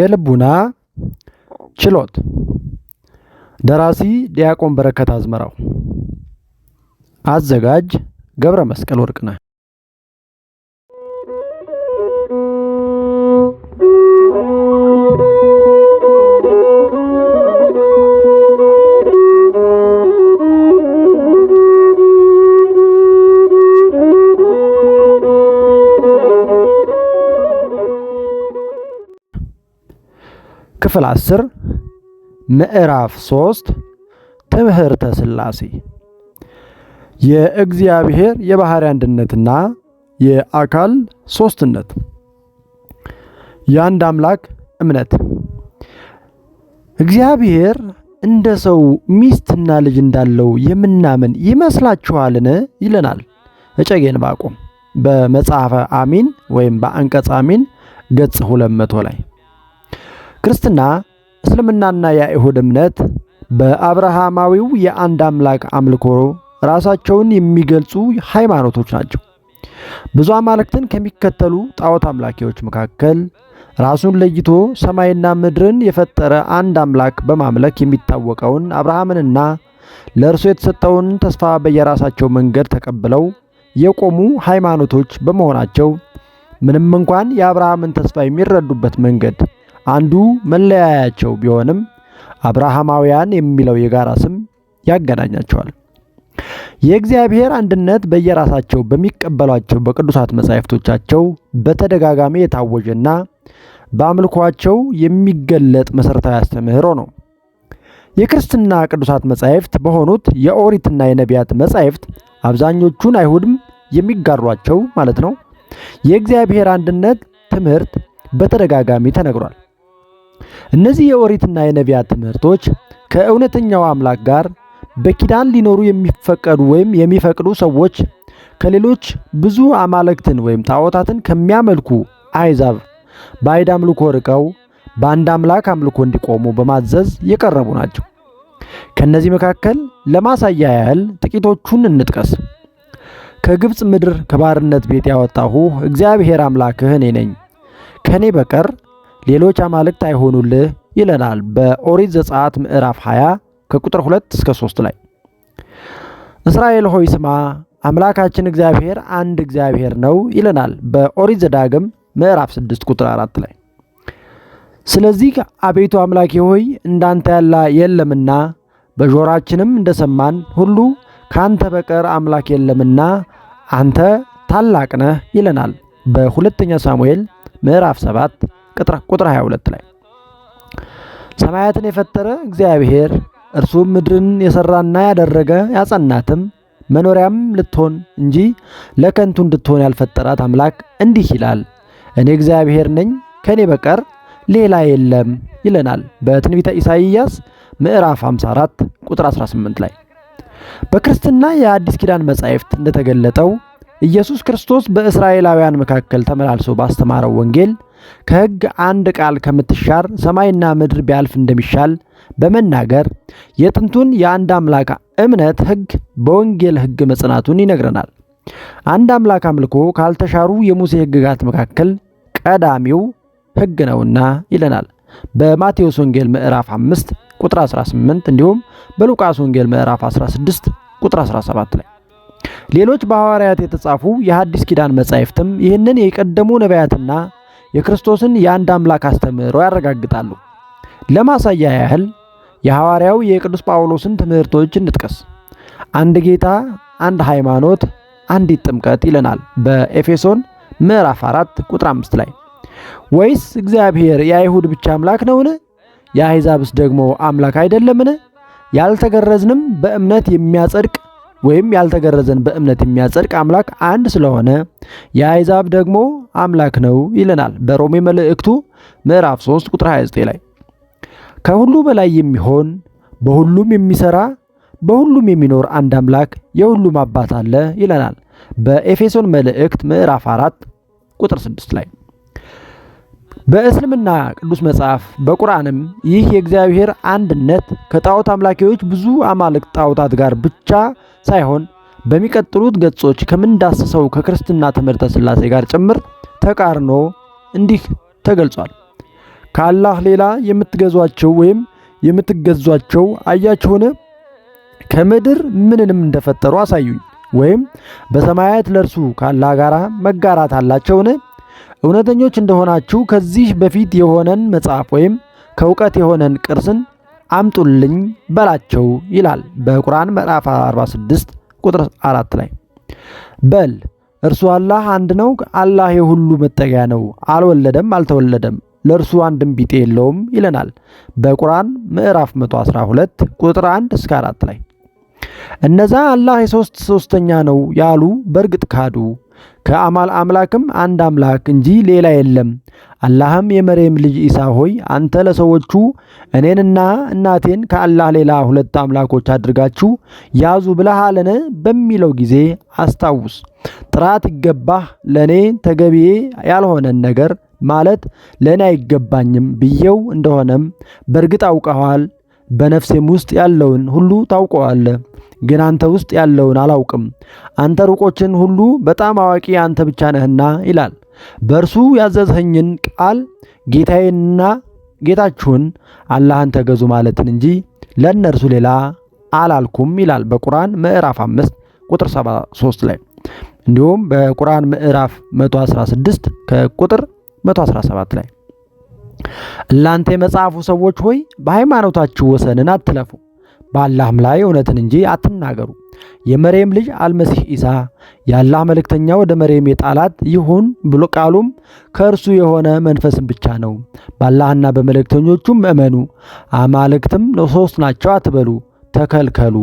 የልቡና ችሎት ደራሲ ዲያቆን በረከት አዝመራው፣ አዘጋጅ ገብረ መስቀል ወርቅነህ ክፍል 10 ምዕራፍ 3 ትምህርተ ሥላሴ የእግዚአብሔር የባሕሪ አንድነትና የአካል ሶስትነት የአንድ አምላክ እምነት እግዚአብሔር እንደ ሰው ሚስትና ልጅ እንዳለው የምናምን ይመስላችኋልን? ይለናል እጨጌ ዕንባቆም በመጽሐፈ አሚን ወይም በአንቀጽ አሚን ገጽ 200 ላይ ክርስትና እስልምናና የአይሁድ እምነት በአብርሃማዊው የአንድ አምላክ አምልኮ ራሳቸውን የሚገልጹ ሃይማኖቶች ናቸው። ብዙ አማልክትን ከሚከተሉ ጣዖት አምላኪዎች መካከል ራሱን ለይቶ ሰማይና ምድርን የፈጠረ አንድ አምላክ በማምለክ የሚታወቀውን አብርሃምንና ለእርሱ የተሰጠውን ተስፋ በየራሳቸው መንገድ ተቀብለው የቆሙ ሃይማኖቶች በመሆናቸው ምንም እንኳን የአብርሃምን ተስፋ የሚረዱበት መንገድ አንዱ መለያያቸው ቢሆንም አብርሃማውያን የሚለው የጋራ ስም ያገናኛቸዋል። የእግዚአብሔር አንድነት በየራሳቸው በሚቀበሏቸው በቅዱሳት መጻሕፍቶቻቸው በተደጋጋሚ የታወጀና በአምልኳቸው የሚገለጥ መሠረታዊ አስተምህሮ ነው። የክርስትና ቅዱሳት መጻሕፍት በሆኑት የኦሪትና የነቢያት መጻሕፍት አብዛኞቹን አይሁድም የሚጋሯቸው ማለት ነው የእግዚአብሔር አንድነት ትምህርት በተደጋጋሚ ተነግሯል። እነዚህ የኦሪትና የነቢያት ትምህርቶች ከእውነተኛው አምላክ ጋር በኪዳን ሊኖሩ የሚፈቀዱ ወይም የሚፈቅዱ ሰዎች ከሌሎች ብዙ አማልክትን ወይም ጣዖታትን ከሚያመልኩ አይዛብ በአይድ አምልኮ ርቀው በአንድ አምላክ አምልኮ እንዲቆሙ በማዘዝ የቀረቡ ናቸው። ከእነዚህ መካከል ለማሳያ ያህል ጥቂቶቹን እንጥቀስ። ከግብፅ ምድር ከባርነት ቤት ያወጣሁ እግዚአብሔር አምላክህ እኔ ነኝ፣ ከእኔ በቀር ሌሎች አማልክት አይሆኑልህ ይለናል በኦሪት ዘጸአት ምዕራፍ 20 ከቁጥር 2 እስከ 3 ላይ። እስራኤል ሆይ ስማ አምላካችን እግዚአብሔር አንድ እግዚአብሔር ነው ይለናል በኦሪት ዘዳግም ምዕራፍ 6 ቁጥር 4 ላይ። ስለዚህ አቤቱ አምላኬ ሆይ እንዳንተ ያለ የለምና በጆራችንም እንደሰማን ሁሉ ካንተ በቀር አምላክ የለምና አንተ ታላቅ ነህ ይለናል በሁለተኛ ሳሙኤል ምዕራፍ 7 ቁጥር 22 ላይ ሰማያትን የፈጠረ እግዚአብሔር እርሱም ምድርን የሰራና ያደረገ ያጸናትም መኖሪያም ልትሆን እንጂ ለከንቱ እንድትሆን ያልፈጠራት አምላክ እንዲህ ይላል፣ እኔ እግዚአብሔር ነኝ፣ ከእኔ በቀር ሌላ የለም ይለናል በትንቢተ ኢሳይያስ ምዕራፍ 54 ቁጥር 18 ላይ። በክርስትና የአዲስ ኪዳን መጻሕፍት እንደተገለጠው ኢየሱስ ክርስቶስ በእስራኤላውያን መካከል ተመላልሶ ባስተማረው ወንጌል ከሕግ አንድ ቃል ከምትሻር ሰማይና ምድር ቢያልፍ እንደሚሻል በመናገር የጥንቱን የአንድ አምላክ እምነት ሕግ በወንጌል ሕግ መጽናቱን ይነግረናል። አንድ አምላክ አምልኮ ካልተሻሩ የሙሴ ሕግጋት መካከል ቀዳሚው ሕግ ነውና ይለናል በማቴዎስ ወንጌል ምዕራፍ 5 ቁጥር 18 እንዲሁም በሉቃስ ወንጌል ምዕራፍ 16 ቁጥር 17 ላይ ሌሎች በሐዋርያት የተጻፉ የሐዲስ ኪዳን መጻሕፍትም ይህንን የቀደሙ ነቢያትና የክርስቶስን የአንድ አምላክ አስተምህሮ ያረጋግጣሉ። ለማሳያ ያህል የሐዋርያው የቅዱስ ጳውሎስን ትምህርቶች እንጥቀስ። አንድ ጌታ፣ አንድ ሃይማኖት፣ አንዲት ጥምቀት ይለናል በኤፌሶን ምዕራፍ 4 ቁጥር 5 ላይ። ወይስ እግዚአብሔር የአይሁድ ብቻ አምላክ ነውን? የአሕዛብስ ደግሞ አምላክ አይደለምን? ያልተገረዝንም በእምነት የሚያጸድቅ ወይም ያልተገረዘን በእምነት የሚያጸድቅ አምላክ አንድ ስለሆነ የአሕዛብ ደግሞ አምላክ ነው ይለናል በሮሜ መልእክቱ ምዕራፍ 3 ቁጥር 29 ላይ። ከሁሉ በላይ የሚሆን በሁሉም የሚሰራ በሁሉም የሚኖር አንድ አምላክ የሁሉም አባት አለ ይለናል በኤፌሶን መልእክት ምዕራፍ 4 ቁጥር 6 ላይ። በእስልምና ቅዱስ መጽሐፍ በቁርአንም ይህ የእግዚአብሔር አንድነት ከጣዖት አምላኪዎች ብዙ አማልክ ጣዖታት ጋር ብቻ ሳይሆን በሚቀጥሉት ገጾች ከምንዳስሰው ከክርስትና ትምህርተ ሥላሴ ጋር ጭምር ተቃርኖ እንዲህ ተገልጿል። ከአላህ ሌላ የምትገዟቸው ወይም የምትገዟቸው አያችሁን? ከምድር ምንንም እንደፈጠሩ አሳዩኝ። ወይም በሰማያት ለእርሱ ካላህ ጋር መጋራት አላቸውን? እውነተኞች እንደሆናችሁ ከዚህ በፊት የሆነን መጽሐፍ ወይም ከእውቀት የሆነን ቅርስን አምጡልኝ በላቸው ይላል በቁርአን ምዕራፍ 46 ቁጥር 4 ላይ። በል እርሱ አላህ አንድ ነው። አላህ የሁሉ መጠጊያ ነው። አልወለደም፣ አልተወለደም፣ ለእርሱ አንድም ቢጤ የለውም ይለናል በቁርአን ምዕራፍ 112 ቁጥር 1 እስከ 4 ላይ። እነዛ አላህ የሶስት ሶስተኛ ነው ያሉ በእርግጥ ካዱ ከአማል አምላክም አንድ አምላክ እንጂ ሌላ የለም። አላህም የመርየም ልጅ ኢሳ ሆይ አንተ ለሰዎቹ እኔንና እናቴን ከአላህ ሌላ ሁለት አምላኮች አድርጋችሁ ያዙ ብለሃለን በሚለው ጊዜ አስታውስ። ጥራት ይገባህ ለእኔ ተገቢዬ ያልሆነን ነገር ማለት ለእኔ አይገባኝም ብዬው እንደሆነም በእርግጥ አውቀኋል በነፍሴም ውስጥ ያለውን ሁሉ ታውቀዋለ። ግን አንተ ውስጥ ያለውን አላውቅም። አንተ ሩቆችን ሁሉ በጣም አዋቂ አንተ ብቻ ነህና ይላል። በእርሱ ያዘዝኸኝን ቃል ጌታዬንና ጌታችሁን አላህን ተገዙ ማለትን እንጂ ለእነርሱ ሌላ አላልኩም ይላል በቁርአን ምዕራፍ 5 ቁጥር 73 ላይ እንዲሁም በቁርአን ምዕራፍ 116 ከቁጥር 117 ላይ እናንተ የመጽሐፉ ሰዎች ሆይ በሃይማኖታችሁ ወሰንን አትለፉ በአላህም ላይ እውነትን እንጂ አትናገሩ። የመርየም ልጅ አልመሲህ ኢሳ የአላህ መልእክተኛ ወደ መርየም የጣላት ይሁን ብሎ ቃሉም ከእርሱ የሆነ መንፈስም ብቻ ነው። በአላህና በመልእክተኞቹም እመኑ። አማልክትም ሶስት ናቸው አትበሉ፣ ተከልከሉ።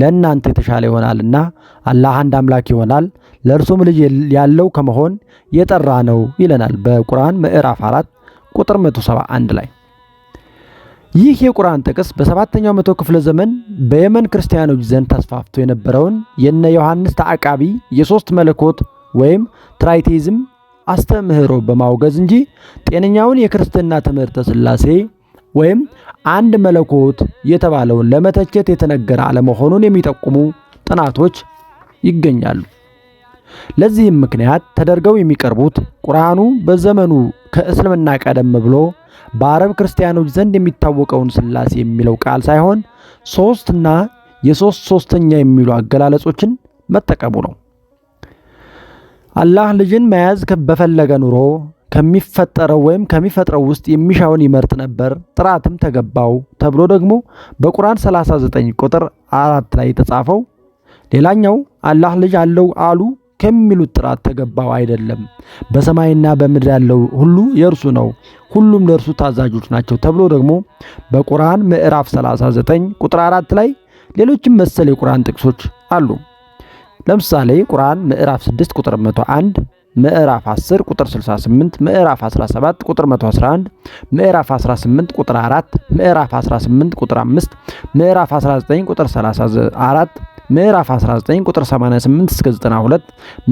ለእናንተ የተሻለ ይሆናልና አላህ አንድ አምላክ ይሆናል። ለእርሱም ልጅ ያለው ከመሆን የጠራ ነው ይለናል በቁርአን ምዕራፍ 4 ቁጥር 171 ላይ ይህ የቁርአን ጥቅስ በሰባተኛው መቶ ክፍለ ዘመን በየመን ክርስቲያኖች ዘንድ ተስፋፍቶ የነበረውን የነ ዮሐንስ ተዓቃቢ የሶስት መለኮት ወይም ትራይቴዝም አስተምህሮ በማውገዝ እንጂ ጤነኛውን የክርስትና ትምህርተ ስላሴ ወይም አንድ መለኮት የተባለውን ለመተቸት የተነገረ አለመሆኑን የሚጠቁሙ ጥናቶች ይገኛሉ። ለዚህም ምክንያት ተደርገው የሚቀርቡት ቁርአኑ በዘመኑ ከእስልምና ቀደም ብሎ በአረብ ክርስቲያኖች ዘንድ የሚታወቀውን ስላሴ የሚለው ቃል ሳይሆን ሶስትና የሶስት ሶስተኛ የሚሉ አገላለጾችን መጠቀሙ ነው። አላህ ልጅን መያዝ በፈለገ ኑሮ ከሚፈጠረው ወይም ከሚፈጥረው ውስጥ የሚሻውን ይመርጥ ነበር፣ ጥራትም ተገባው ተብሎ ደግሞ በቁርአን 39 ቁጥር አራት ላይ የተጻፈው ሌላኛው አላህ ልጅ አለው አሉ ከሚሉት ጥራት ተገባው አይደለም። በሰማይና በምድር ያለው ሁሉ የእርሱ ነው፣ ሁሉም ለእርሱ ታዛዦች ናቸው ተብሎ ደግሞ በቁርአን ምዕራፍ 39 ቁጥር 4 ላይ ሌሎችም መሰል የቁርአን ጥቅሶች አሉ። ለምሳሌ ቁርአን ምዕራፍ 6 ቁጥር 101 ምዕራፍ 10 ቁጥር 68 ምዕራፍ 17 ቁጥር 111 ምዕራፍ 18 ቁጥር 4 ምዕራፍ 18 ቁጥር 5 ምዕራፍ 19 ቁጥር 34 ምዕራፍ 19 ቁጥር 88 እስከ 92፣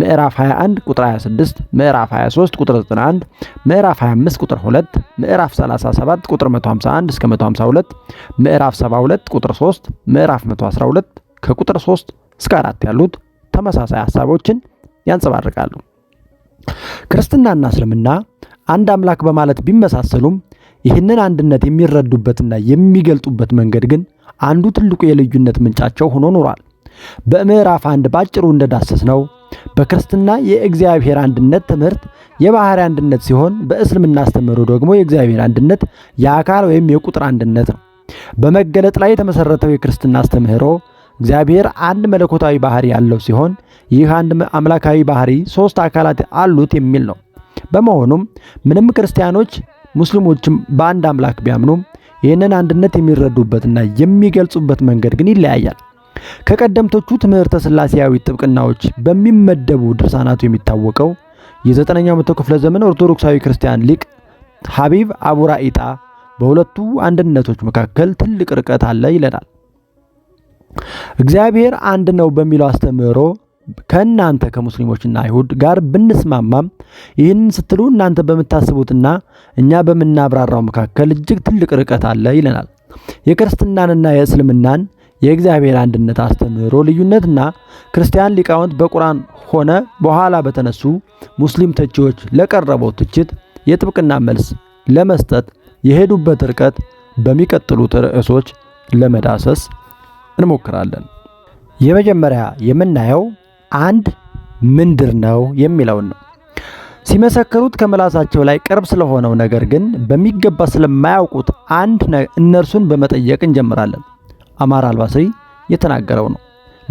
ምዕራፍ 21 ቁጥር 26፣ ምዕራፍ 23 ቁጥር 91፣ ምዕራፍ 25 ቁጥር 2፣ ምዕራፍ 37 ቁጥር 151 እስከ 152፣ ምዕራፍ 72 ቁጥር 3፣ ምዕራፍ 112 ከቁጥር 3 እስከ 4 ያሉት ተመሳሳይ ሐሳቦችን ያንጸባርቃሉ። ክርስትናና እስልምና አንድ አምላክ በማለት ቢመሳሰሉም ይህንን አንድነት የሚረዱበትና የሚገልጡበት መንገድ ግን አንዱ ትልቁ የልዩነት ምንጫቸው ሆኖ ኖሯል። በምዕራፍ አንድ ባጭሩ እንደዳሰስ ነው በክርስትና የእግዚአብሔር አንድነት ትምህርት የባህሪ አንድነት ሲሆን በእስልምና አስተምህሮ ደግሞ የእግዚአብሔር አንድነት የአካል ወይም የቁጥር አንድነት ነው። በመገለጥ ላይ የተመሰረተው የክርስትና አስተምህሮ እግዚአብሔር አንድ መለኮታዊ ባህሪ ያለው ሲሆን ይህ አንድ አምላካዊ ባህሪ ሶስት አካላት አሉት የሚል ነው። በመሆኑም ምንም ክርስቲያኖች ሙስሊሞችም በአንድ አምላክ ቢያምኑም ይህንን አንድነት የሚረዱበትና የሚገልጹበት መንገድ ግን ይለያያል። ከቀደምቶቹ ትምህርተ ስላሴያዊ ጥብቅናዎች በሚመደቡ ድርሳናቱ የሚታወቀው የዘጠነኛው መቶ ክፍለ ዘመን ኦርቶዶክሳዊ ክርስቲያን ሊቅ ሀቢብ አቡራኢጣ በሁለቱ አንድነቶች መካከል ትልቅ ርቀት አለ ይለናል። እግዚአብሔር አንድ ነው በሚለው አስተምህሮ ከእናንተ ከሙስሊሞችና አይሁድ ጋር ብንስማማም ይህንን ስትሉ እናንተ በምታስቡትና እኛ በምናብራራው መካከል እጅግ ትልቅ ርቀት አለ ይለናል። የክርስትናንና የእስልምናን የእግዚአብሔር አንድነት አስተምህሮ ልዩነትና ክርስቲያን ሊቃውንት በቁርአን ሆነ በኋላ በተነሱ ሙስሊም ተቺዎች ለቀረበው ትችት የጥብቅና መልስ ለመስጠት የሄዱበት ርቀት በሚቀጥሉት ርዕሶች ለመዳሰስ እንሞክራለን። የመጀመሪያ የምናየው አንድ ምንድር ነው የሚለውን ነው። ሲመሰክሩት ከምላሳቸው ላይ ቅርብ ስለሆነው ነገር ግን በሚገባ ስለማያውቁት አንድ እነርሱን በመጠየቅ እንጀምራለን። አማር አልባስሪ የተናገረው ነው።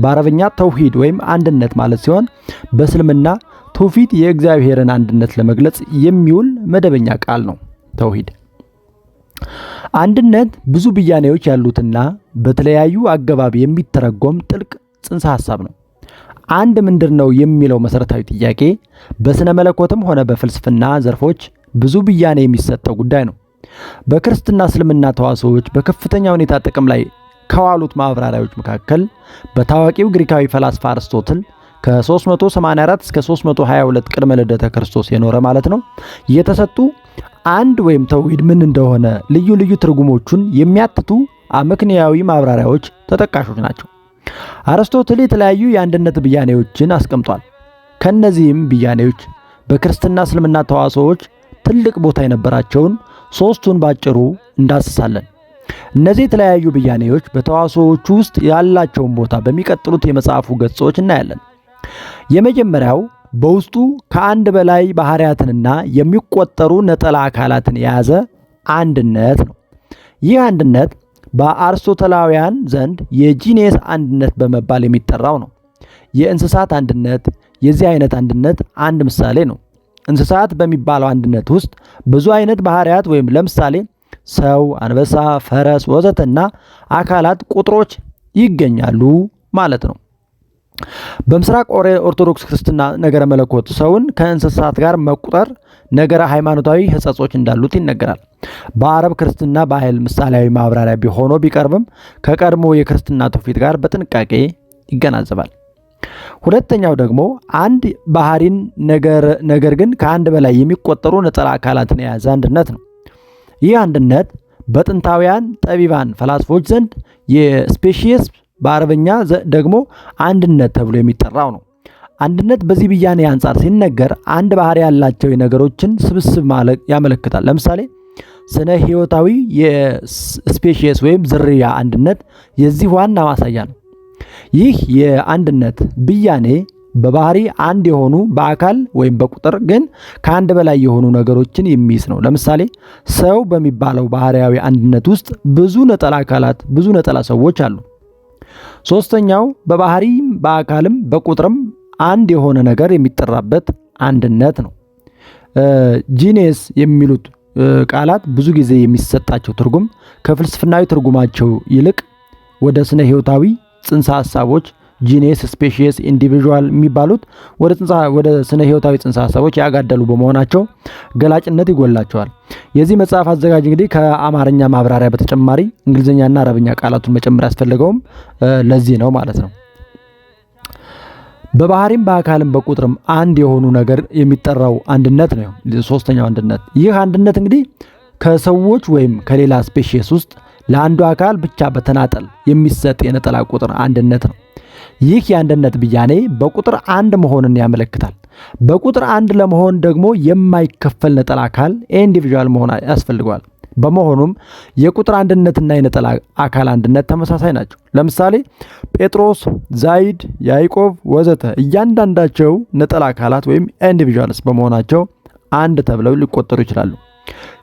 በአረብኛ ተውሂድ ወይም አንድነት ማለት ሲሆን በእስልምና ትውፊት የእግዚአብሔርን አንድነት ለመግለጽ የሚውል መደበኛ ቃል ነው። ተውሂድ አንድነት ብዙ ብያኔዎች ያሉትና በተለያዩ አገባብ የሚተረጎም ጥልቅ ጽንሰ ሐሳብ ነው። አንድ ምንድር ነው የሚለው መሰረታዊ ጥያቄ በስነ መለኮትም ሆነ በፍልስፍና ዘርፎች ብዙ ብያኔ የሚሰጠው ጉዳይ ነው። በክርስትና እስልምና ተዋሶዎች በከፍተኛ ሁኔታ ጥቅም ላይ ከዋሉት ማብራሪያዎች መካከል በታዋቂው ግሪካዊ ፈላስፋ አርስቶትል ከ384 እስከ 322 ቅድመ ልደተ ክርስቶስ የኖረ ማለት ነው የተሰጡ አንድ ወይም ተውሂድ ምን እንደሆነ ልዩ ልዩ ትርጉሞቹን የሚያትቱ አመክንያዊ ማብራሪያዎች ተጠቃሾች ናቸው። አርስቶትል የተለያዩ የአንድነት ብያኔዎችን አስቀምጧል። ከእነዚህም ብያኔዎች በክርስትና እስልምና ተዋሶዎች ትልቅ ቦታ የነበራቸውን ሶስቱን ባጭሩ እንዳስሳለን። እነዚህ የተለያዩ ብያኔዎች በተዋሶዎቹ ውስጥ ያላቸውን ቦታ በሚቀጥሉት የመጽሐፉ ገጾች እናያለን። የመጀመሪያው በውስጡ ከአንድ በላይ ባህሪያትንና የሚቆጠሩ ነጠላ አካላትን የያዘ አንድነት ነው። ይህ አንድነት በአርስቶተላውያን ዘንድ የጂኔስ አንድነት በመባል የሚጠራው ነው። የእንስሳት አንድነት የዚህ አይነት አንድነት አንድ ምሳሌ ነው። እንስሳት በሚባለው አንድነት ውስጥ ብዙ አይነት ባህሪያት ወይም ለምሳሌ ሰው፣ አንበሳ፣ ፈረስ ወዘተና አካላት ቁጥሮች ይገኛሉ ማለት ነው። በምስራቅ ኦርቶዶክስ ክርስትና ነገረ መለኮት ሰውን ከእንስሳት ጋር መቁጠር ነገረ ሃይማኖታዊ ሕጸጾች እንዳሉት ይነገራል። በአረብ ክርስትና ባህል ምሳሌያዊ ማብራሪያ ቢሆኖ ቢቀርብም ከቀድሞ የክርስትና ትውፊት ጋር በጥንቃቄ ይገናዘባል። ሁለተኛው ደግሞ አንድ ባህሪን ነገር ግን ከአንድ በላይ የሚቆጠሩ ነጠላ አካላትን የያዘ አንድነት ነው። ይህ አንድነት በጥንታውያን ጠቢባን ፈላስፎች ዘንድ የስፔሺየስ በአረበኛ ደግሞ አንድነት ተብሎ የሚጠራው ነው። አንድነት በዚህ ብያኔ አንጻር ሲነገር አንድ ባህሪ ያላቸው የነገሮችን ስብስብ ያመለክታል። ለምሳሌ ስነ ህይወታዊ የስፔሺየስ ወይም ዝርያ አንድነት የዚህ ዋና ማሳያ ነው። ይህ የአንድነት ብያኔ በባህሪ አንድ የሆኑ በአካል ወይም በቁጥር ግን ከአንድ በላይ የሆኑ ነገሮችን የሚይዝ ነው። ለምሳሌ ሰው በሚባለው ባህሪያዊ አንድነት ውስጥ ብዙ ነጠላ አካላት፣ ብዙ ነጠላ ሰዎች አሉ። ሶስተኛው በባህሪም በአካልም በቁጥርም አንድ የሆነ ነገር የሚጠራበት አንድነት ነው። ጂኔስ የሚሉት ቃላት ብዙ ጊዜ የሚሰጣቸው ትርጉም ከፍልስፍናዊ ትርጉማቸው ይልቅ ወደ ስነ ህይወታዊ ጽንሰ ሐሳቦች ጂኔስ፣ ስፔሽስ ኢንዲቪዥዋል የሚባሉት ወደ ስነ ህይወታዊ ጽንሰ ሀሳቦች ያጋደሉ በመሆናቸው ገላጭነት ይጎላቸዋል። የዚህ መጽሐፍ አዘጋጅ እንግዲህ ከአማርኛ ማብራሪያ በተጨማሪ እንግሊዝኛና አረብኛ ቃላቱን መጨመር ያስፈለገውም ለዚህ ነው ማለት ነው። በባህሪም በአካልም በቁጥርም አንድ የሆኑ ነገር የሚጠራው አንድነት ነው። ሶስተኛው አንድነት። ይህ አንድነት እንግዲህ ከሰዎች ወይም ከሌላ ስፔሽስ ውስጥ ለአንዱ አካል ብቻ በተናጠል የሚሰጥ የነጠላ ቁጥር አንድነት ነው። ይህ የአንድነት ብያኔ በቁጥር አንድ መሆንን ያመለክታል። በቁጥር አንድ ለመሆን ደግሞ የማይከፈል ነጠላ አካል ኢንዲቪዥዋል መሆን ያስፈልገዋል። በመሆኑም የቁጥር አንድነትና የነጠላ አካል አንድነት ተመሳሳይ ናቸው። ለምሳሌ ጴጥሮስ፣ ዛይድ፣ ያዕቆብ ወዘተ እያንዳንዳቸው ነጠላ አካላት ወይም ኢንዲቪዥዋልስ በመሆናቸው አንድ ተብለው ሊቆጠሩ ይችላሉ።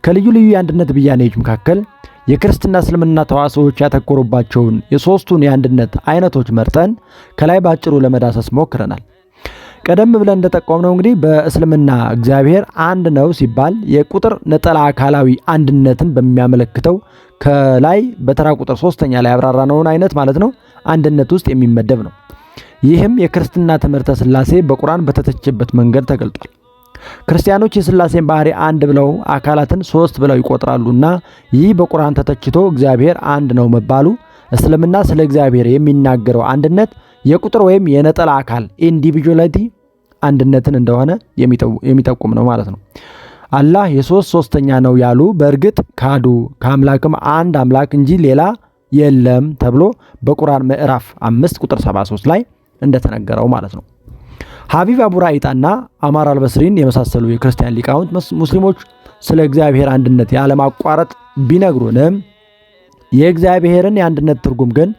ከልዩ ልዩ የአንድነት ብያኔዎች መካከል የክርስትና እስልምና ተዋሶዎች ያተኮሩባቸውን የሶስቱን የአንድነት አይነቶች መርጠን ከላይ ባጭሩ ለመዳሰስ ሞክረናል። ቀደም ብለን እንደጠቆምነው እንግዲህ በእስልምና እግዚአብሔር አንድ ነው ሲባል የቁጥር ነጠላ አካላዊ አንድነትን በሚያመለክተው ከላይ በተራ ቁጥር ሶስተኛ ላይ ያብራራነውን አይነት ማለት ነው አንድነት ውስጥ የሚመደብ ነው። ይህም የክርስትና ትምህርተ ስላሴ በቁርአን በተተቸበት መንገድ ተገልጧል። ክርስቲያኖች የሥላሴን ባህሪ አንድ ብለው አካላትን ሶስት ብለው ይቆጥራሉና ይህ በቁርአን ተተችቶ እግዚአብሔር አንድ ነው መባሉ እስልምና ስለ እግዚአብሔር የሚናገረው አንድነት የቁጥር ወይም የነጠላ አካል ኢንዲቪጁዋሊቲ አንድነትን እንደሆነ የሚጠቁም ነው ማለት ነው። አላህ የሶስት ሶስተኛ ነው ያሉ በእርግጥ ካዱ፣ ከአምላክም አንድ አምላክ እንጂ ሌላ የለም ተብሎ በቁርአን ምዕራፍ አምስት ቁጥር 73 ላይ እንደተነገረው ማለት ነው። ሀቢብ አቡራ ኢጣና አማር አልበስሪን የመሳሰሉ የክርስቲያን ሊቃውንት ሙስሊሞች ስለ እግዚአብሔር አንድነት ያለማቋረጥ ቢነግሩንም የእግዚአብሔርን የአንድነት ትርጉም ግን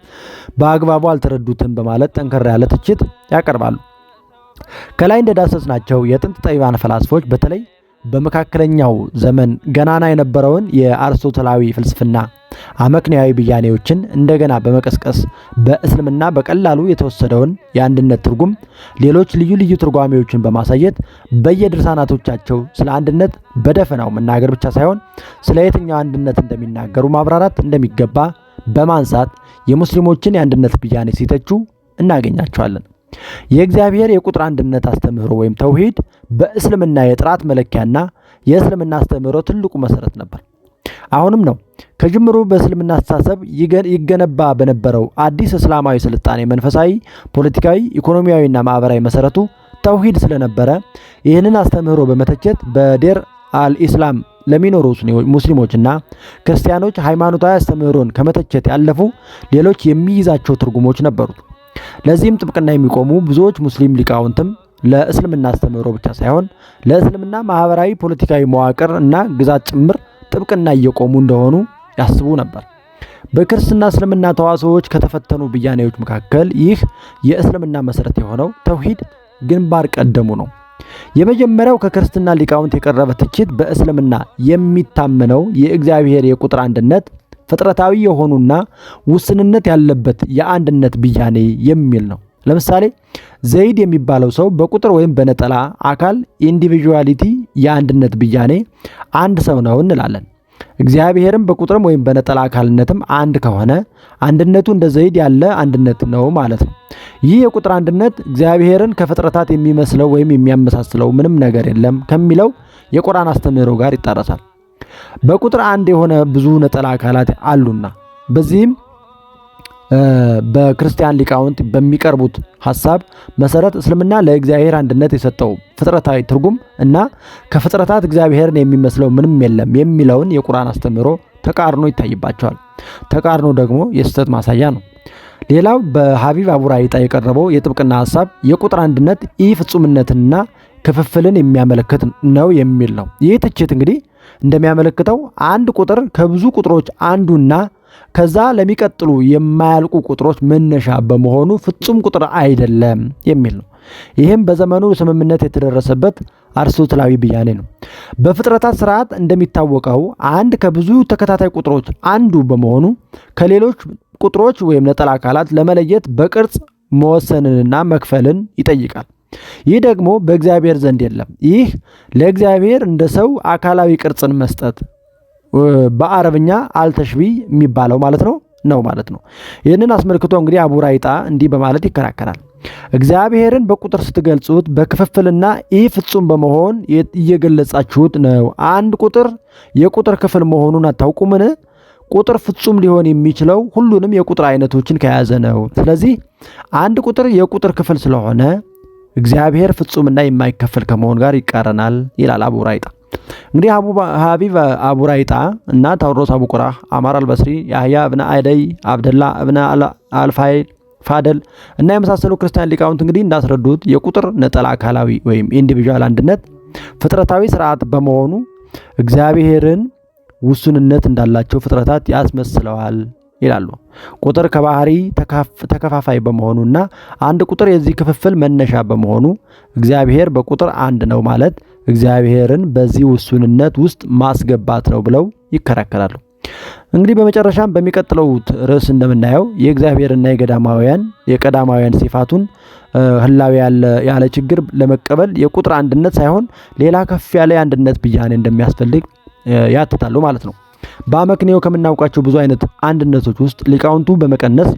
በአግባቡ አልተረዱትም በማለት ጠንከር ያለ ትችት ያቀርባሉ። ከላይ እንደዳሰስናቸው የጥንት ጠቢባን ፈላስፎች በተለይ በመካከለኛው ዘመን ገናና የነበረውን የአርስቶተላዊ ፍልስፍና አመክንያዊ ብያኔዎችን እንደገና በመቀስቀስ በእስልምና በቀላሉ የተወሰደውን የአንድነት ትርጉም ሌሎች ልዩ ልዩ ትርጓሜዎችን በማሳየት በየድርሳናቶቻቸው ስለ አንድነት በደፈናው መናገር ብቻ ሳይሆን ስለ የትኛው አንድነት እንደሚናገሩ ማብራራት እንደሚገባ በማንሳት የሙስሊሞችን የአንድነት ብያኔ ሲተቹ እናገኛቸዋለን። የእግዚአብሔር የቁጥር አንድነት አስተምህሮ ወይም ተውሂድ በእስልምና የጥራት መለኪያና የእስልምና አስተምህሮ ትልቁ መሰረት ነበር። አሁንም ነው። ከጅምሩ በእስልምና አስተሳሰብ ይገነባ በነበረው አዲስ እስላማዊ ስልጣኔ መንፈሳዊ፣ ፖለቲካዊ፣ ኢኮኖሚያዊና ማህበራዊ መሰረቱ ተውሂድ ስለነበረ ይህንን አስተምህሮ በመተቸት በዴር አልኢስላም ለሚኖሩ ሙስሊሞችና ክርስቲያኖች ሃይማኖታዊ አስተምህሮን ከመተቸት ያለፉ ሌሎች የሚይዛቸው ትርጉሞች ነበሩት። ለዚህም ጥብቅና የሚቆሙ ብዙዎች ሙስሊም ሊቃውንትም ለእስልምና አስተምህሮ ብቻ ሳይሆን ለእስልምና ማህበራዊ፣ ፖለቲካዊ መዋቅር እና ግዛት ጭምር ጥብቅና እየቆሙ እንደሆኑ ያስቡ ነበር። በክርስትና እስልምና ተዋጽኦዎች ከተፈተኑ ብያኔዎች መካከል ይህ የእስልምና መሰረት የሆነው ተውሂድ ግንባር ቀደሙ ነው። የመጀመሪያው ከክርስትና ሊቃውንት የቀረበ ትችት በእስልምና የሚታመነው የእግዚአብሔር የቁጥር አንድነት ፍጥረታዊ የሆኑና ውስንነት ያለበት የአንድነት ብያኔ የሚል ነው። ለምሳሌ ዘይድ የሚባለው ሰው በቁጥር ወይም በነጠላ አካል ኢንዲቪዥዋሊቲ የአንድነት ብያኔ አንድ ሰው ነው እንላለን። እግዚአብሔርም በቁጥርም ወይም በነጠላ አካልነትም አንድ ከሆነ አንድነቱ እንደ ዘይድ ያለ አንድነት ነው ማለት ነው። ይህ የቁጥር አንድነት እግዚአብሔርን ከፍጥረታት የሚመስለው ወይም የሚያመሳስለው ምንም ነገር የለም ከሚለው የቁርአን አስተምህሮ ጋር ይጣረሳል። በቁጥር አንድ የሆነ ብዙ ነጠላ አካላት አሉና በዚህም በክርስቲያን ሊቃውንት በሚቀርቡት ሀሳብ መሰረት እስልምና ለእግዚአብሔር አንድነት የሰጠው ፍጥረታዊ ትርጉም እና ከፍጥረታት እግዚአብሔርን የሚመስለው ምንም የለም የሚለውን የቁርአን አስተምህሮ ተቃርኖ ይታይባቸዋል። ተቃርኖ ደግሞ የስህተት ማሳያ ነው። ሌላው በሀቢብ አቡራይጣ የቀረበው የጥብቅና ሀሳብ የቁጥር አንድነት ኢ ፍጹምነትንና ክፍፍልን የሚያመለክት ነው የሚል ነው። ይህ ትችት እንግዲህ እንደሚያመለክተው አንድ ቁጥር ከብዙ ቁጥሮች አንዱና ከዛ ለሚቀጥሉ የማያልቁ ቁጥሮች መነሻ በመሆኑ ፍጹም ቁጥር አይደለም የሚል ነው። ይህም በዘመኑ ስምምነት የተደረሰበት አርስቶትላዊ ብያኔ ነው። በፍጥረታት ስርዓት እንደሚታወቀው አንድ ከብዙ ተከታታይ ቁጥሮች አንዱ በመሆኑ ከሌሎች ቁጥሮች ወይም ነጠላ አካላት ለመለየት በቅርጽ መወሰንንና መክፈልን ይጠይቃል። ይህ ደግሞ በእግዚአብሔር ዘንድ የለም። ይህ ለእግዚአብሔር እንደ ሰው አካላዊ ቅርጽን መስጠት በአረብኛ አልተሽቢ የሚባለው ማለት ነው ነው ማለት ነው። ይህንን አስመልክቶ እንግዲህ አቡራይጣ እንዲህ በማለት ይከራከራል። እግዚአብሔርን በቁጥር ስትገልጹት በክፍፍልና ይህ ፍጹም በመሆን እየገለጻችሁት ነው። አንድ ቁጥር የቁጥር ክፍል መሆኑን አታውቁምን? ቁጥር ፍጹም ሊሆን የሚችለው ሁሉንም የቁጥር አይነቶችን ከያዘ ነው። ስለዚህ አንድ ቁጥር የቁጥር ክፍል ስለሆነ እግዚአብሔር ፍጹምና የማይከፈል ከመሆን ጋር ይቃረናል ይላል አቡ ራይጣ። እንግዲህ ሀቢብ አቡ ራይጣ እና ታውሮስ አቡ ቁራህ፣ አማር አልበስሪ፣ ያህያ እብነ አደይ፣ አብደላ እብነ አልፋይል ፋደል እና የመሳሰሉ ክርስቲያን ሊቃውንት እንግዲህ እንዳስረዱት የቁጥር ነጠላ አካላዊ ወይም ኢንዲቪዥዋል አንድነት ፍጥረታዊ ስርዓት በመሆኑ እግዚአብሔርን ውሱንነት እንዳላቸው ፍጥረታት ያስመስለዋል ይላሉ። ቁጥር ከባህሪ ተከፋፋይ በመሆኑና አንድ ቁጥር የዚህ ክፍፍል መነሻ በመሆኑ እግዚአብሔር በቁጥር አንድ ነው ማለት እግዚአብሔርን በዚህ ውሱንነት ውስጥ ማስገባት ነው ብለው ይከራከራሉ። እንግዲህ በመጨረሻም በሚቀጥለው ርዕስ እንደምናየው የእግዚአብሔርና የገዳማውያን የቀዳማውያን ሲፋቱን ህላዊ ያለ ችግር ለመቀበል የቁጥር አንድነት ሳይሆን ሌላ ከፍ ያለ የአንድነት ብያኔ እንደሚያስፈልግ ያትታሉ ማለት ነው። በአመክንዮ ከምናውቃቸው ብዙ አይነት አንድነቶች ውስጥ ሊቃውንቱ በመቀነስ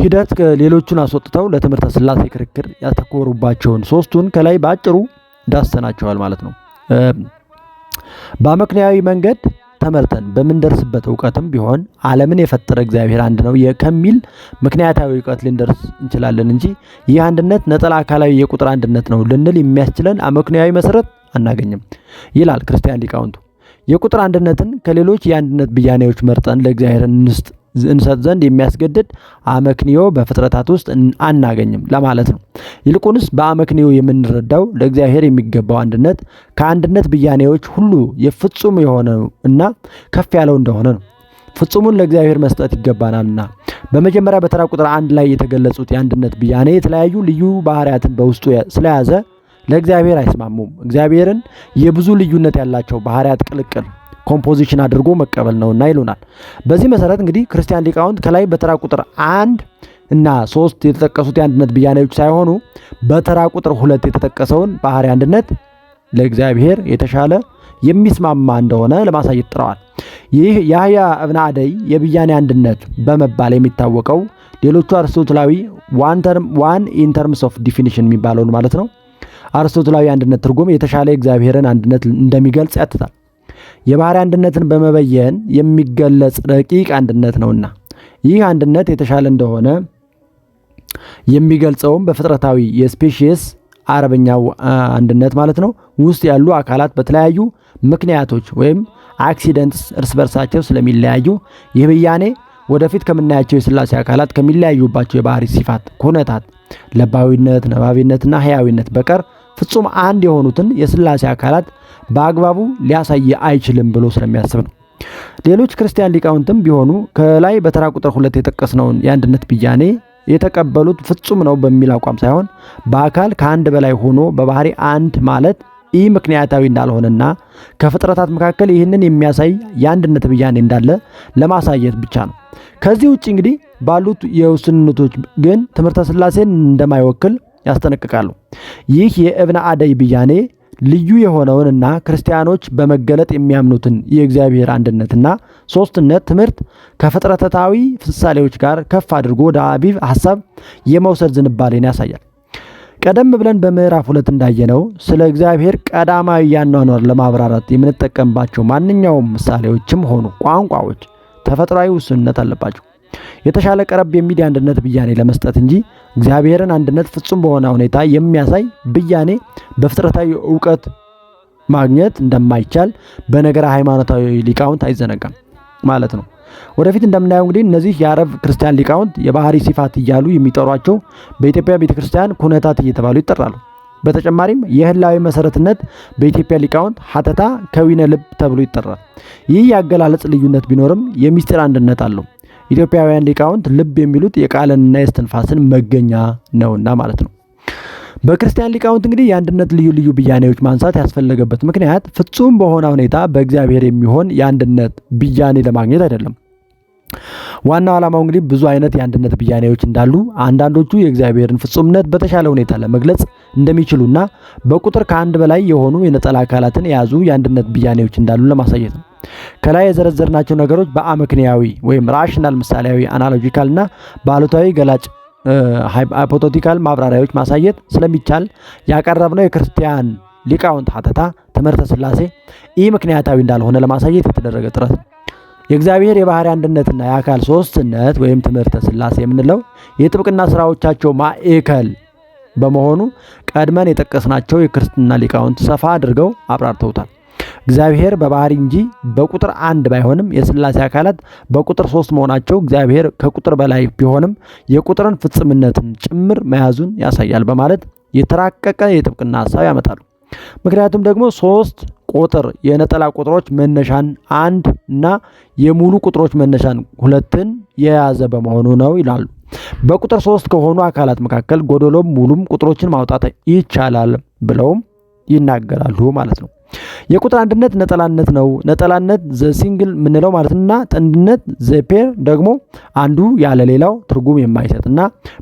ሂደት ሌሎቹን አስወጥተው ለትምህርተ ስላሴ ክርክር ያተኮሩባቸውን ሶስቱን ከላይ በአጭሩ ዳሰናቸዋል ማለት ነው። በአመክንያዊ መንገድ ተመርተን በምንደርስበት እውቀትም ቢሆን ዓለምን የፈጠረ እግዚአብሔር አንድ ነው ከሚል ምክንያታዊ እውቀት ልንደርስ እንችላለን እንጂ ይህ አንድነት ነጠላ አካላዊ የቁጥር አንድነት ነው ልንል የሚያስችለን አመክንያዊ መሰረት አናገኝም ይላል ክርስቲያን ሊቃውንቱ። የቁጥር አንድነትን ከሌሎች የአንድነት ብያኔዎች መርጠን ለእግዚአብሔር እንስጥ እንሰጥ ዘንድ የሚያስገድድ አመክንዮ በፍጥረታት ውስጥ አናገኝም ለማለት ነው። ይልቁንስ በአመክንዮ የምንረዳው ለእግዚአብሔር የሚገባው አንድነት ከአንድነት ብያኔዎች ሁሉ የፍጹም የሆነ እና ከፍ ያለው እንደሆነ ነው። ፍጹሙን ለእግዚአብሔር መስጠት ይገባናልና። በመጀመሪያ በተራ ቁጥር አንድ ላይ የተገለጹት የአንድነት ብያኔ የተለያዩ ልዩ ባህሪያትን በውስጡ ስለያዘ ለእግዚአብሔር አይስማሙም። እግዚአብሔርን የብዙ ልዩነት ያላቸው ባህርያት ቅልቅል ኮምፖዚሽን አድርጎ መቀበል ነውና ይሉናል። በዚህ መሰረት እንግዲህ ክርስቲያን ሊቃውንት ከላይ በተራ ቁጥር አንድ እና ሶስት የተጠቀሱት የአንድነት ብያኔዎች ሳይሆኑ በተራ ቁጥር ሁለት የተጠቀሰውን ባህሪ አንድነት ለእግዚአብሔር የተሻለ የሚስማማ እንደሆነ ለማሳየት ጥረዋል። ይህ የአህያ እብነ አደይ የብያኔ አንድነት በመባል የሚታወቀው ሌሎቹ አርስቶትላዊ ዋን ኢንተርምስ ኦፍ ዲፊኒሽን የሚባለውን ማለት ነው አርስቶትላዊ አንድነት ትርጉም የተሻለ የእግዚአብሔርን አንድነት እንደሚገልጽ ያትታል። የባህሪ አንድነትን በመበየን የሚገለጽ ረቂቅ አንድነት ነውና ይህ አንድነት የተሻለ እንደሆነ የሚገልጸውም በፍጥረታዊ የስፔሽስ አረበኛው አንድነት ማለት ነው ውስጥ ያሉ አካላት በተለያዩ ምክንያቶች ወይም አክሲደንትስ እርስ በርሳቸው ስለሚለያዩ ይህ ብያኔ ወደፊት ከምናያቸው የስላሴ አካላት ከሚለያዩባቸው የባህሪ ሲፋት ኩነታት ለባዊነት፣ ነባቢነትና ሕያዊነት በቀር ፍጹም አንድ የሆኑትን የስላሴ አካላት በአግባቡ ሊያሳይ አይችልም ብሎ ስለሚያስብ ነው። ሌሎች ክርስቲያን ሊቃውንትም ቢሆኑ ከላይ በተራ ቁጥር ሁለት የጠቀስነውን የአንድነት ብያኔ የተቀበሉት ፍጹም ነው በሚል አቋም ሳይሆን በአካል ከአንድ በላይ ሆኖ በባህሪ አንድ ማለት ኢ ምክንያታዊ እንዳልሆነና ከፍጥረታት መካከል ይህንን የሚያሳይ የአንድነት ብያኔ እንዳለ ለማሳየት ብቻ ነው። ከዚህ ውጭ እንግዲህ ባሉት የውስንነቶች ግን ትምህርተ ስላሴን እንደማይወክል ያስጠነቅቃሉ። ይህ የእብነ አደይ ብያኔ ልዩ የሆነውንና ክርስቲያኖች በመገለጥ የሚያምኑትን የእግዚአብሔር አንድነትና ሶስትነት ትምህርት ከፍጥረተታዊ ፍሳሌዎች ጋር ከፍ አድርጎ ወደ አቢብ ሐሳብ የመውሰድ ዝንባሌን ያሳያል። ቀደም ብለን በምዕራፍ ሁለት እንዳየነው ስለ እግዚአብሔር ቀዳማዊ ያኗኗር ለማብራራት የምንጠቀምባቸው ማንኛውም ምሳሌዎችም ሆኑ ቋንቋዎች ተፈጥሯዊ ውስንነት አለባቸው። የተሻለ ቀረብ የሚል የአንድነት ብያኔ ለመስጠት እንጂ እግዚአብሔርን አንድነት ፍጹም በሆነ ሁኔታ የሚያሳይ ብያኔ በፍጥረታዊ እውቀት ማግኘት እንደማይቻል በነገረ ሃይማኖታዊ ሊቃውንት አይዘነጋም ማለት ነው። ወደፊት እንደምናየው እንግዲህ እነዚህ የአረብ ክርስቲያን ሊቃውንት የባህሪ ሲፋት እያሉ የሚጠሯቸው በኢትዮጵያ ቤተ ክርስቲያን ኩነታት እየተባሉ ይጠራሉ። በተጨማሪም የህላዊ መሰረትነት በኢትዮጵያ ሊቃውንት ሀተታ ከዊነ ልብ ተብሎ ይጠራል። ይህ የአገላለጽ ልዩነት ቢኖርም የሚስጢር አንድነት አለው። ኢትዮጵያውያን ሊቃውንት ልብ የሚሉት የቃልንና የስትንፋስን መገኛ ነውና ማለት ነው። በክርስቲያን ሊቃውንት እንግዲህ የአንድነት ልዩ ልዩ ብያኔዎች ማንሳት ያስፈለገበት ምክንያት ፍጹም በሆነ ሁኔታ በእግዚአብሔር የሚሆን የአንድነት ብያኔ ለማግኘት አይደለም። ዋናው ዓላማው እንግዲህ ብዙ አይነት የአንድነት ብያኔዎች እንዳሉ አንዳንዶቹ የእግዚአብሔርን ፍጹምነት በተሻለ ሁኔታ ለመግለጽ እንደሚችሉና በቁጥር ከአንድ በላይ የሆኑ የነጠላ አካላትን የያዙ የአንድነት ብያኔዎች እንዳሉ ለማሳየት ነው። ከላይ የዘረዘርናቸው ነገሮች በአመክንያዊ ወይም ራሽናል ምሳሌያዊ፣ አናሎጂካልና በአሉታዊ ገላጭ ሃይፖቴቲካል ማብራሪያዎች ማሳየት ስለሚቻል ያቀረብነው የክርስቲያን ሊቃውንት ሀተታ ትምህርተ ሥላሴ ይህ ምክንያታዊ እንዳልሆነ ለማሳየት የተደረገ ጥረት ነው። የእግዚአብሔር የባህሪ አንድነትና የአካል ሶስትነት ወይም ትምህርተ ሥላሴ የምንለው የጥብቅና ስራዎቻቸው ማዕከል በመሆኑ ቀድመን የጠቀስናቸው የክርስትና ሊቃውንት ሰፋ አድርገው አብራርተውታል። እግዚአብሔር በባህሪ እንጂ በቁጥር አንድ ባይሆንም የስላሴ አካላት በቁጥር ሶስት መሆናቸው እግዚአብሔር ከቁጥር በላይ ቢሆንም የቁጥርን ፍጽምነትን ጭምር መያዙን ያሳያል በማለት የተራቀቀ የጥብቅና ሀሳብ ያመጣሉ። ምክንያቱም ደግሞ ሶስት ቁጥር የነጠላ ቁጥሮች መነሻን አንድ እና የሙሉ ቁጥሮች መነሻን ሁለትን የያዘ በመሆኑ ነው ይላሉ። በቁጥር ሶስት ከሆኑ አካላት መካከል ጎደሎም ሙሉም ቁጥሮችን ማውጣት ይቻላል ብለውም ይናገራሉ ማለት ነው። የቁጥር አንድነት ነጠላነት ነው። ነጠላነት ዘ ሲንግል የምንለው ማለትና ጥንድነት ዘ ፔር ደግሞ አንዱ ያለ ሌላው ትርጉም የማይሰጥ እና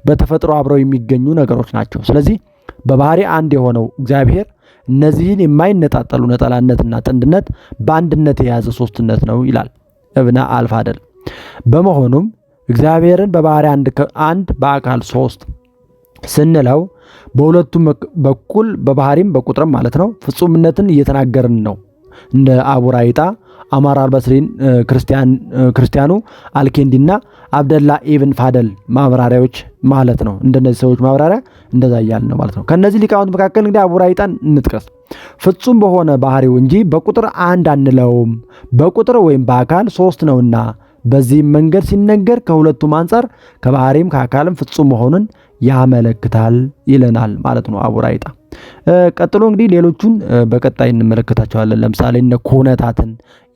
በተፈጥሮ አብረው የሚገኙ ነገሮች ናቸው። ስለዚህ በባህሪ አንድ የሆነው እግዚአብሔር እነዚህን የማይነጣጠሉ ነጠላነትና ጥንድነት በአንድነት የያዘ ሶስትነት ነው ይላል እብነ አልፋደል። በመሆኑም እግዚአብሔርን በባህሪ አንድ በአካል ሶስት ስንለው በሁለቱም በኩል በባህሪም በቁጥርም ማለት ነው ፍጹምነትን እየተናገርን ነው። እንደ አቡራይጣ አማር አልበስሪን፣ ክርስቲያኑ አልኬንዲና አብደላ ኢብን ፋደል ማብራሪያዎች ማለት ነው። እንደነዚህ ሰዎች ማብራሪያ እንደዛ እያልን ነው ማለት ነው። ከእነዚህ ሊቃውንት መካከል እንግዲህ አቡራይጣን እንጥቀስ። ፍጹም በሆነ ባህሪው እንጂ በቁጥር አንድ አንለውም፣ በቁጥር ወይም በአካል ሶስት ነውና በዚህም መንገድ ሲነገር ከሁለቱም አንጻር ከባህሪም ከአካልም ፍጹም መሆኑን ያመለክታል ይለናል ማለት ነው አቡራይጣ። ቀጥሎ እንግዲህ ሌሎቹን በቀጣይ እንመለከታቸዋለን። ለምሳሌ እነ ኩነታትን፣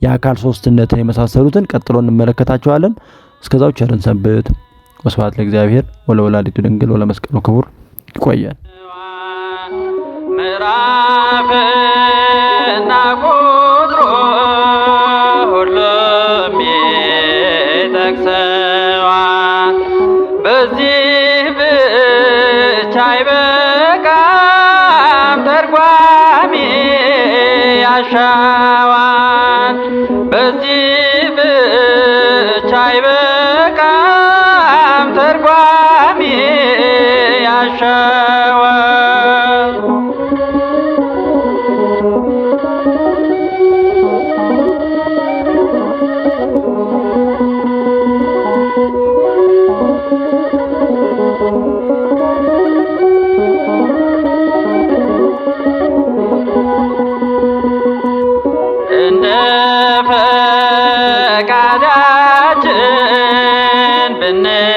የአካል ሶስትነትን የመሳሰሉትን ቀጥሎ እንመለከታቸዋለን። እስከዛው ቸርን ሰንብት። ወስብሐት ለእግዚአብሔር ወለወላዲቱ ድንግል ወለመስቀሉ ክቡር። ይቆያል። ने